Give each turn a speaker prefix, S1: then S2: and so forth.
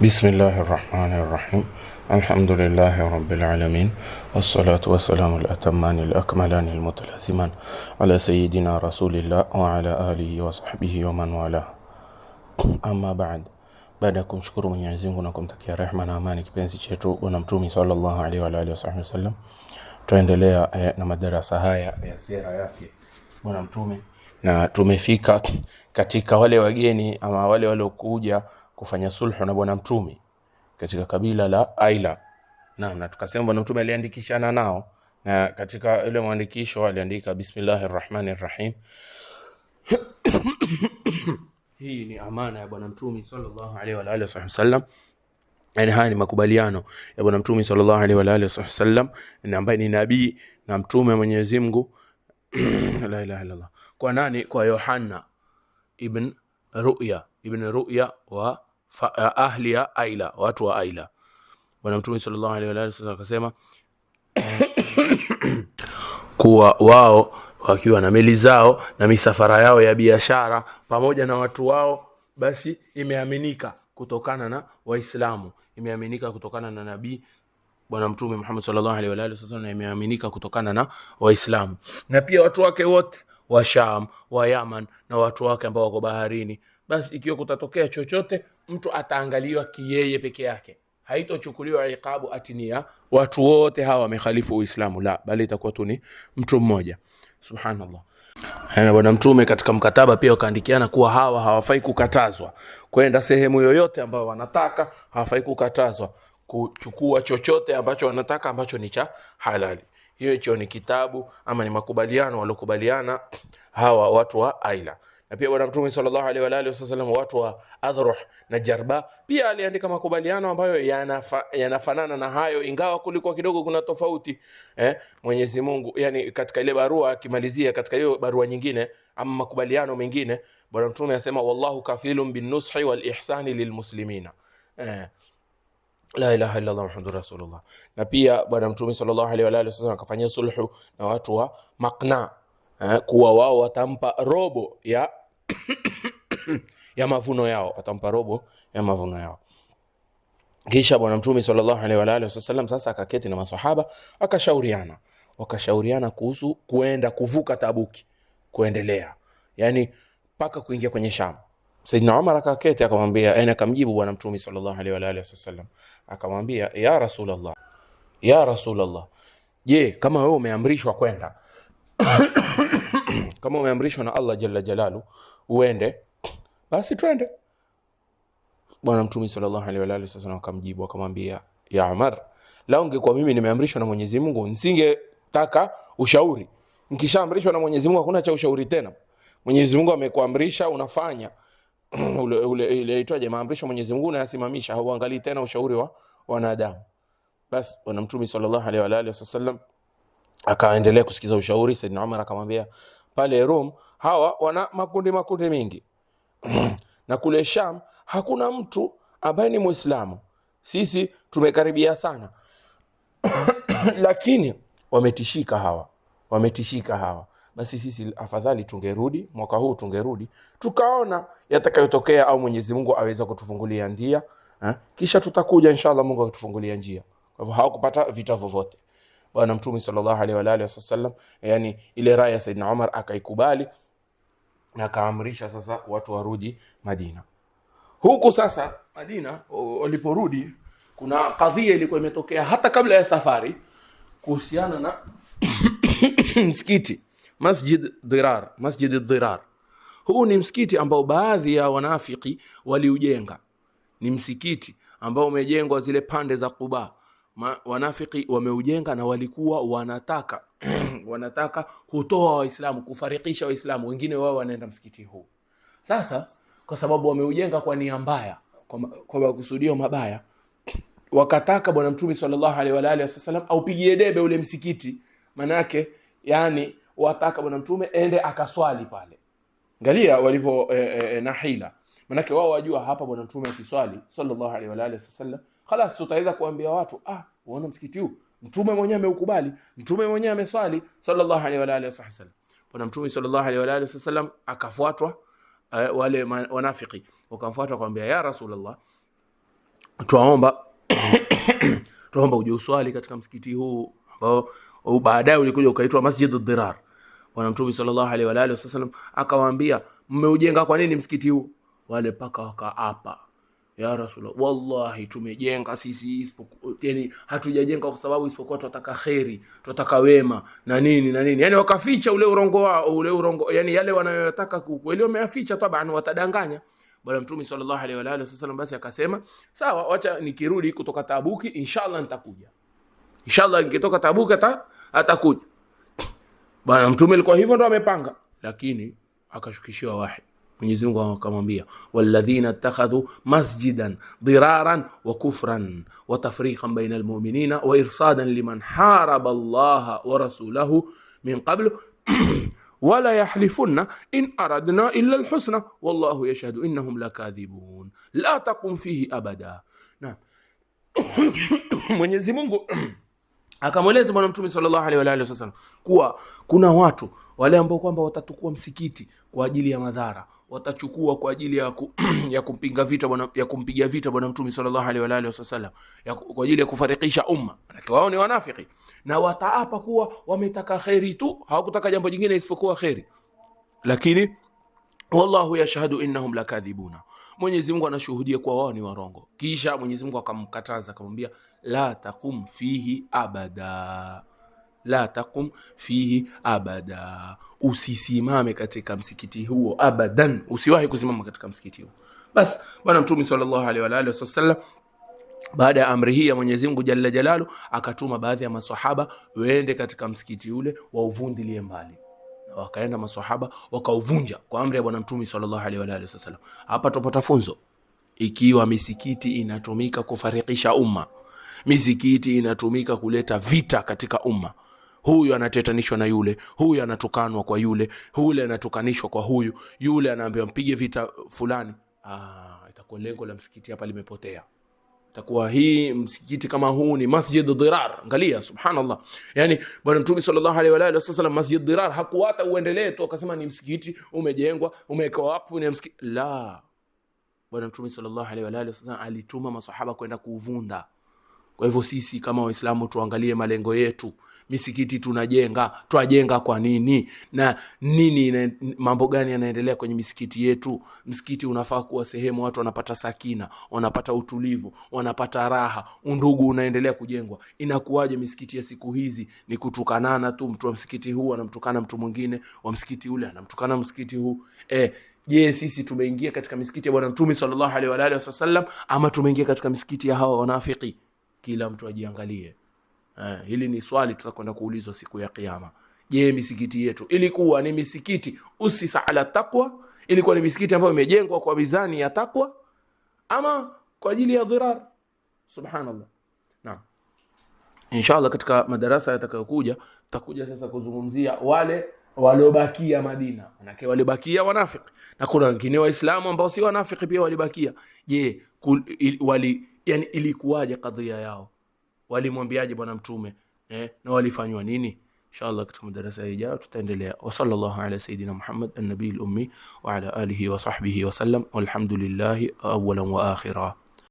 S1: Bismillahi rahmani rahim alhamdulillahi rabbil alamin wassalatu wassalamu alatamani alakmalani almutalaziman ala sayidina rasulillah wa ala alihi wa sahbihi wa man wala. Amma baad, baada ya kumshukuru Mwenyezi Mungu na kumtakia rehma na amani kipenzi chetu Bwana Mtume sallallahu alaihi wa alihi wasallam, tuendelea eh, na madarasa haya ya sira yake Bwana Mtume na tumefika katika wale wageni ama wale waliokuja kufanya sulhu na bwana mtume katika kabila la Aila. Naam, na tukasema bwana mtume aliandikishana nao, na katika ile mwandikisho aliandika bismillahir rahmanir rahim. Hii ni amana ya bwana mtume sallallahu alaihi wa alihi wasallam. Yani haya ni makubaliano ya bwana mtume sallallahu alaihi wa alihi wasallam, ambaye ni nabii na mtume wa Mwenyezi Mungu la ilaha illallah. Kwa nani? Kwa Yohana ibn Ruya ibn Ruya wa Eh, ahli ya Aila, watu wa Aila. Bwana Mtume sallallahu alaihi akasema kuwa wao wakiwa na meli zao na misafara yao ya biashara pamoja na watu wao, basi imeaminika kutokana na Waislamu, imeaminika kutokana na nabii Bwana Mtume Muhammad sallallahu alaihi wa alihi wasallam, na imeaminika kutokana na Waislamu na pia watu wake wote wa Sham, wa Yaman na watu wake ambao wako baharini. Basi ikiwa kutatokea chochote mtu ataangaliwa kiyeye peke yake, haitochukuliwa iqabu atinia watu wote hawa wamekhalifu Uislamu, la bali itakuwa tu ni mtu mmoja. Subhanallah. Bwana Mtume katika mkataba pia wakaandikiana kuwa hawa hawafai kukatazwa kwenda sehemu yoyote ambayo wanataka, hawafai kukatazwa kuchukua chochote ambacho wanataka ambacho ni cha halali. Hiyo hicho ni kitabu ama ni makubaliano waliokubaliana hawa watu wa Aila na pia Bwana Mtume sallallahu alaihi wa alihi wasallam watu wa Adhruh na Jarba pia aliandika makubaliano ambayo yanafanana yana na hayo, ingawa kulikuwa kidogo kuna tofauti eh. Mwenyezi Mungu yani, katika ile barua akimalizia, katika hiyo barua nyingine ama makubaliano mengine, Bwana Mtume anasema wallahu kafilun bin nushi wal ihsani lilmuslimina eh. La ilaha illallah muhammadur rasulullah. Na pia Bwana Mtume sallallahu alaihi wa alihi wasallam akafanyia sulhu na watu wa Maqna eh, kuwa wao watampa robo ya ya mavuno yao, watampa robo ya mavuno yao. Kisha Bwana Mtume sallallahu alaihi wa alihi wasallam sasa akaketi na maswahaba akashauriana, wakashauriana kuhusu kuenda kuvuka Tabuki kuendelea, yani paka kuingia kwenye Sham. Saidina Umar akaketi akamwambia, yani akamjibu Bwana Mtume sallallahu alaihi wa alihi wasallam akamwambia, ya Rasulullah, ya Rasulullah, je, kama wewe umeamrishwa kwenda kama umeamrishwa na Allah jalla jalalu uende, basi twende. Bwana Mtume sallallahu alaihi wa alihi wasallam akamjibu akamwambia, ya Umar, la ungekuwa mimi nimeamrishwa na Mwenyezi Mungu nisingetaka ushauri. Nikishaamrishwa na Mwenyezi Mungu hakuna cha ushauri tena. Mwenyezi Mungu amekuamrisha unafanya ule ule ile itwaje, maamrisho Mwenyezi Mungu unayasimamisha, hauangalii tena ushauri wa wanadamu. Bas Bwana Mtume sallallahu alaihi wa alihi wasallam akaendelea kusikiza ushauri. Saidina Umar akamwambia pale Rum hawa wana makundi makundi mingi na kule Sham hakuna mtu ambaye ni Mwislamu. Sisi tumekaribia sana lakini wametishika hawa, wametishika hawa. Basi sisi afadhali tungerudi mwaka huu, tungerudi tukaona yatakayotokea, au Mwenyezi Mungu aweza kutufungulia njia eh? Kisha tutakuja inshallah, Mungu akitufungulia njia. Kwa hivyo hawakupata vita vyovyote. Bwana Mtume sallallahu alaihi wa alihi wasallam, yani ile raya ya saidna Umar akaikubali na akaamrisha sasa watu warudi Madina. Huku sasa Madina waliporudi, kuna kadhia ilikuwa imetokea hata kabla ya safari kuhusiana na msikiti Masjid Dirar, Masjid Dirar. Huu ni msikiti ambao baadhi ya wanafiki waliujenga. Ni msikiti ambao umejengwa zile pande za kubaa ma, wanafiki wameujenga na walikuwa wanataka wanataka hutoa Waislamu, kufarikisha Waislamu. Wengine wao wanaenda msikiti huu sasa, kwa sababu wameujenga kwa nia mbaya, kwa, kwa makusudio mabaya. Wakataka Bwana Mtume sallallahu alaihi wa alihi wasallam aupigie debe ule msikiti, manake yani wataka Bwana Mtume ende akaswali pale. Angalia walivyo e, e, na hila, manake wao wajua hapa Bwana Mtume akiswali sallallahu alaihi wa alihi wasallam Halas, utaweza kuambia watu ah, uona msikiti huu mtume mwenyewe ameukubali, mtume mwenyewe ameswali sallallahu alaihi wa alihi wasallam. Bwana mtume sallallahu alaihi wa alihi wasallam akafuatwa, uh, wale wanafiki wakamfuata kwambia, ya Rasulullah, twaomba twaomba uje uswali katika msikiti huu ambao baadaye ulikuja ukaitwa masjid Masjidud Dirar. Bwana mtume sallallahu alaihi wa alihi wasallam akawaambia, mmeujenga kwa nini msikiti huu? Wale paka wakaapa ya Rasulullah, wallahi tumejenga sisi, yani hatujajenga kwa sababu isipokuwa tunataka kheri, tunataka wema na nini na nini. Yani wakaficha ule urongo wao, ule urongo, yani yale wanayotaka kukweli wameaficha, taban watadanganya. Bwana Mtume sallallahu alaihi wa alihi wasallam basi akasema, sawa, wacha nikirudi kutoka Tabuki inshallah nitakuja, inshallah nikitoka Tabuki ata atakuja. Bwana Mtume alikuwa hivyo ndo amepanga, lakini akashukishiwa wahi Mwenyezi Mungu akamwambia walladhina ittakhadhu masjidan diraran wa kufran wa tafriqan baina almu'minina wa irsadan liman haraba Allaha wa rasulahu min qablu wala yahlifunna in aradna illa alhusna wallahu yashhadu innahum lakadhibun la taqum fihi abada. Naam, Mwenyezi Mungu akamweleza Bwana Mtume sallallahu alaihi wa alihi wasallam kuwa kuna watu wale ambao kwamba watatukua msikiti kwa ajili ya madhara watachukua kwa ajili ya, ku, ya kumpinga vita bwana ya kumpiga vita bwana mtume sallallahu alaihi wa alihi wasallam kwa ajili ya kufarikisha umma, manake wao ni wanafiki na wataapa kuwa wametaka kheri tu, hawakutaka jambo jingine isipokuwa kheri, lakini wallahu yashhadu innahum lakadhibuna, Mwenyezi Mungu anashuhudia kuwa wao ni warongo. Kisha Mwenyezi Mungu akamkataza akamwambia, la taqum fihi abada la taqum fihi abada, usisimame katika msikiti huo abadan, usiwahi kusimama katika msikiti huo. Bas bwana Mtume sallallahu alaihi wa alihi wasallam baada ya amri hii ya Mwenyezi Mungu jalla jalalu, akatuma baadhi ya maswahaba waende katika msikiti ule wauvundilie mbali. Wakaenda maswahaba wakauvunja kwa amri ya bwana Mtume sallallahu alaihi wa alihi wasallam. Hapa tupata funzo, ikiwa misikiti inatumika kufarikisha umma, misikiti inatumika kuleta vita katika umma huyu anatetanishwa na yule, huyu anatukanwa kwa yule, yule anatukanishwa kwa huyu, yule anaambiwa mpige vita fulani. Ah, itakuwa lengo la msikiti hapa limepotea. Itakuwa hii msikiti kama huu ni Masjid Dirar. Angalia, subhanallah, yani Bwana Mtume sallallahu alaihi wa alihi wasallam, Masjid Dirar hakuwata uendelee tu akasema ni msikiti umejengwa, umewekewa wakfu, ni msikiti la Bwana Mtume sallallahu alaihi wa alihi wasallam alituma masahaba kwenda kuuvunda kwa hivyo sisi kama Waislamu tuangalie malengo yetu. Misikiti tunajenga, twajenga kwa nini? Na nini, mambo gani yanaendelea kwenye misikiti yetu? Msikiti unafaa kuwa sehemu watu wanapata sakina, wanapata utulivu, wanapata raha, undugu unaendelea kujengwa. Inakuwaje misikiti ya siku hizi ni kutukanana tu? Mtu wa msikiti huu anamtukana mtu mwingine, wa msikiti ule anamtukana msikiti huu e, Je, yes, sisi tumeingia katika misikiti ya Bwana Mtume sallallahu alaihi wa alihi wasallam ama tumeingia katika misikiti ya hawa wanafiki? kila mtu ajiangalie. Eh, hili ni swali tutakwenda kuulizwa siku ya Kiyama. Je, misikiti yetu ilikuwa ni misikiti usisa ala takwa Ilikuwa ni misikiti ambayo imejengwa kwa mizani ya takwa ama kwa ajili ya dhirar? Subhanallah. Naam. Inshallah katika madarasa yatakayokuja tutakuja sasa kuzungumzia wale waliobakia Madina, manake walibakia wanafiki na kuna wengine Waislamu ambao si wanafiki pia walibakia. Je, wali yani ilikuwaje kadhia yao, walimwambiaje bwana mtume eh, na walifanywa nini? Inshallah katika madarasa ijayo tutaendelea. Wa sallallahu ala sayidina Muhammad an-nabiy al-ummi wa ala alihi wa sahbihi wa sallam, walhamdulillahi awwalan wa akhira.